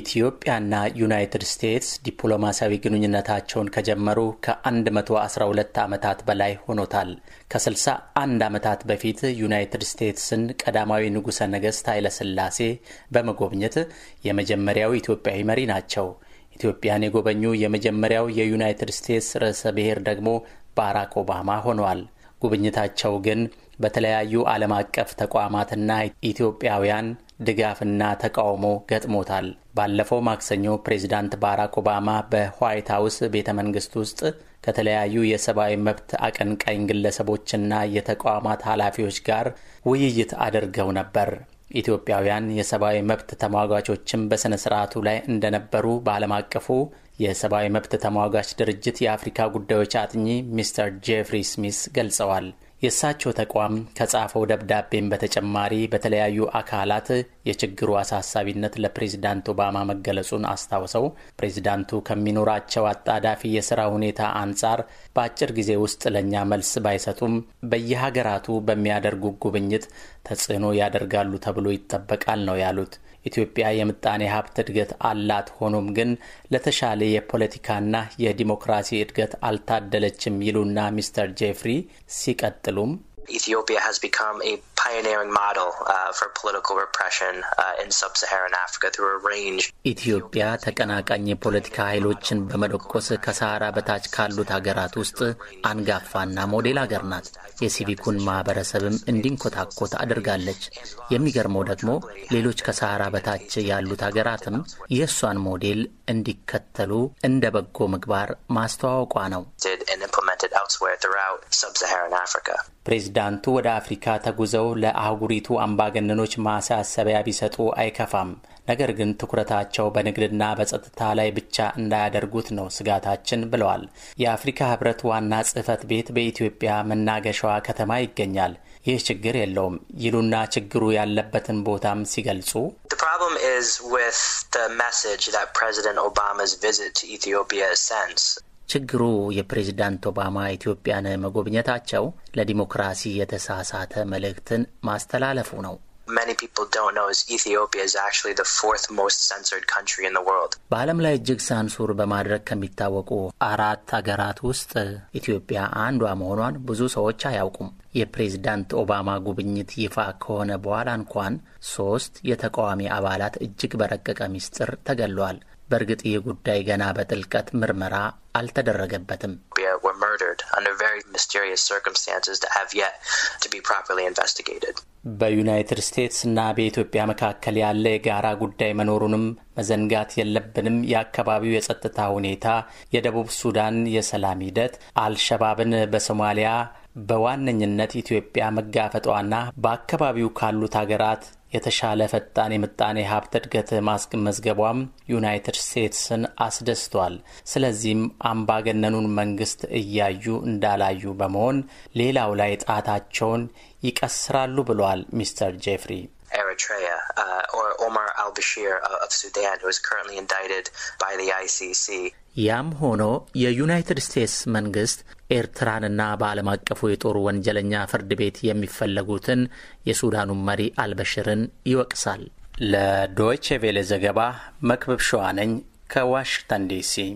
ኢትዮጵያና ዩናይትድ ስቴትስ ዲፕሎማሲያዊ ግንኙነታቸውን ከጀመሩ ከ112 ዓመታት በላይ ሆኖታል። ከ61 ዓመታት በፊት ዩናይትድ ስቴትስን ቀዳማዊ ንጉሠ ነገሥት ኃይለሥላሴ በመጎብኘት የመጀመሪያው ኢትዮጵያዊ መሪ ናቸው። ኢትዮጵያን የጎበኙ የመጀመሪያው የዩናይትድ ስቴትስ ርዕሰ ብሔር ደግሞ ባራክ ኦባማ ሆነዋል። ጉብኝታቸው ግን በተለያዩ ዓለም አቀፍ ተቋማትና ኢትዮጵያውያን ድጋፍና ተቃውሞ ገጥሞታል። ባለፈው ማክሰኞ ፕሬዚዳንት ባራክ ኦባማ በዋይት ሀውስ ቤተ መንግስት ውስጥ ከተለያዩ የሰብአዊ መብት አቀንቃኝ ግለሰቦችና የተቋማት ኃላፊዎች ጋር ውይይት አድርገው ነበር። ኢትዮጵያውያን የሰብአዊ መብት ተሟጋቾችም በሥነ ሥርዓቱ ላይ እንደነበሩ በዓለም አቀፉ የሰብአዊ መብት ተሟጋች ድርጅት የአፍሪካ ጉዳዮች አጥኚ ሚስተር ጄፍሪ ስሚስ ገልጸዋል። የእሳቸው ተቋም ከጻፈው ደብዳቤም በተጨማሪ በተለያዩ አካላት የችግሩ አሳሳቢነት ለፕሬዝዳንት ኦባማ መገለጹን አስታውሰው ፕሬዝዳንቱ ከሚኖራቸው አጣዳፊ የሥራ ሁኔታ አንጻር በአጭር ጊዜ ውስጥ ለእኛ መልስ ባይሰጡም በየሀገራቱ በሚያደርጉ ጉብኝት ተጽዕኖ ያደርጋሉ ተብሎ ይጠበቃል ነው ያሉት። ኢትዮጵያ የምጣኔ ሀብት እድገት አላት። ሆኖም ግን ለተሻለ የፖለቲካና የዲሞክራሲ እድገት አልታደለችም ይሉና ሚስተር ጄፍሪ ሲቀጥ። ሲቀጥሉም ኢትዮጵያ has ኢትዮጵያ uh, uh, ተቀናቃኝ የፖለቲካ ኃይሎችን በመደቆስ ከሰሃራ በታች ካሉት ሀገራት ውስጥ አንጋፋና ሞዴል ሀገር ናት። የሲቪኩን ማህበረሰብም እንዲንኮታኮት አድርጋለች። የሚገርመው ደግሞ ሌሎች ከሰሃራ በታች ያሉት ሀገራትም የእሷን ሞዴል እንዲከተሉ እንደ በጎ ምግባር ማስተዋወቋ ነው። ፕሬዚዳንቱ ወደ አፍሪካ ተጉዘው ለአህጉሪቱ አምባገነኖች ማሳሰቢያ ቢሰጡ አይከፋም። ነገር ግን ትኩረታቸው በንግድና በጸጥታ ላይ ብቻ እንዳያደርጉት ነው ስጋታችን ብለዋል። የአፍሪካ ህብረት ዋና ጽህፈት ቤት በኢትዮጵያ መናገሻዋ ከተማ ይገኛል። ይህ ችግር የለውም ይሉና ችግሩ ያለበትን ቦታም ሲገልጹ ችግሩ የፕሬዝዳንት ኦባማ ኢትዮጵያን መጎብኘታቸው ለዲሞክራሲ የተሳሳተ መልእክትን ማስተላለፉ ነው። በዓለም ላይ እጅግ ሳንሱር በማድረግ ከሚታወቁ አራት አገራት ውስጥ ኢትዮጵያ አንዷ መሆኗን ብዙ ሰዎች አያውቁም። የፕሬዝዳንት ኦባማ ጉብኝት ይፋ ከሆነ በኋላ እንኳን ሶስት የተቃዋሚ አባላት እጅግ በረቀቀ ምስጢር ተገሏል። በእርግጥ ይህ ጉዳይ ገና በጥልቀት ምርመራ አልተደረገበትም። በዩናይትድ ስቴትስ እና በኢትዮጵያ መካከል ያለ የጋራ ጉዳይ መኖሩንም መዘንጋት የለብንም። የአካባቢው የጸጥታ ሁኔታ፣ የደቡብ ሱዳን የሰላም ሂደት፣ አልሸባብን በሶማሊያ በዋነኝነት ኢትዮጵያ መጋፈጧና በአካባቢው ካሉት ሀገራት የተሻለ ፈጣን የምጣኔ ሀብት እድገት ማስመዝገቧም ዩናይትድ ስቴትስን አስደስቷል። ስለዚህም አምባገነኑን መንግስት እያዩ እንዳላዩ በመሆን ሌላው ላይ ጣታቸውን ይቀስራሉ ብሏል ሚስተር ጄፍሪ። Eritrea uh, or Omar al-Bashir of Sudan, who is currently indicted by the ICC. ያም ሆኖ የዩናይትድ ስቴትስ መንግስት ኤርትራንና በዓለም አቀፉ የጦር ወንጀለኛ ፍርድ ቤት የሚፈለጉትን የሱዳኑን መሪ አልበሽርን ይወቅሳል። ለዶይቼ ቬለ ዘገባ መክብብ ሸዋነኝ ከዋሽንግተን ዲሲ